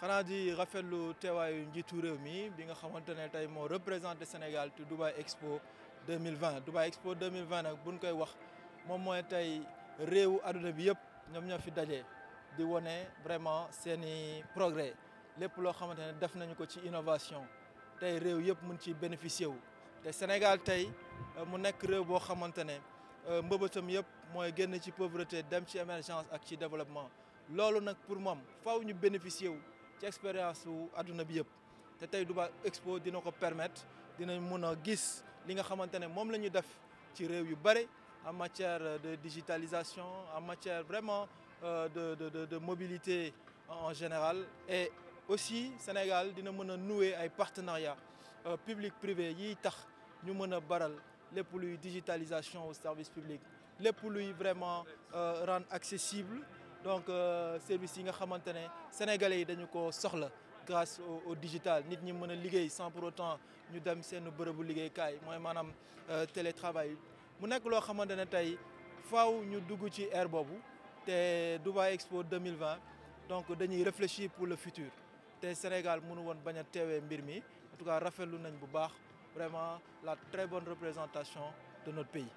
xanaa di rafetlu teewaayu njiitu réew mi bi nga xamante ne tey moo représenté Sénégal ci Dubai Expo 2020 Dubai Expo 2020 bu buñ koy wax moom mooy tey réewu adduna bi yëpp ñoom ñoo fi daje di wone vraiment seen i progrès lépp loo xamante ne def nañu ko ci innovation tey réew yëpp mun ci bénéficier wu. te Sénégal tey euh, mu nekk réew boo xamante ne euh, mbëbëtam yëpp mooy génn ci pauvreté dem ci émergence ak ci développement loolu nag pour moom faw ñu bénéficier wu. ci expérience wu adduna bi yëpp te tey duba Expo dina ko permettre dinañ mun a gis li nga xamante ne moom la ñu def ci réew yu bëri en matière de digitalisation en matière vraiment euh, de de de de mobilité en général et aussi Sénégal dina mën a nouer ay partenariat euh, public privé yiy tax ñu mën a baral lépp luy digitalisation au service public lépp luy vraiment euh, rendre accessible donc euh, service yi nga xamante ne sénégalais yi dañu ko soxla grâce au digital nit ñi mën a liggéey sans pour autant ñu dem seen bërëbu liggéeykaay mooy maanaam euh, télétravail mu nekk loo xamante ne tey faw ñu dugg ci ère boobu te Dubai Expo 2020 donc dañuy réfléchir pour le futur te Sénégal mënu woon bañ a teewee mbir mi en tout cas rafetlu nañ bu baax vraiment la très bonne représentation de notre pays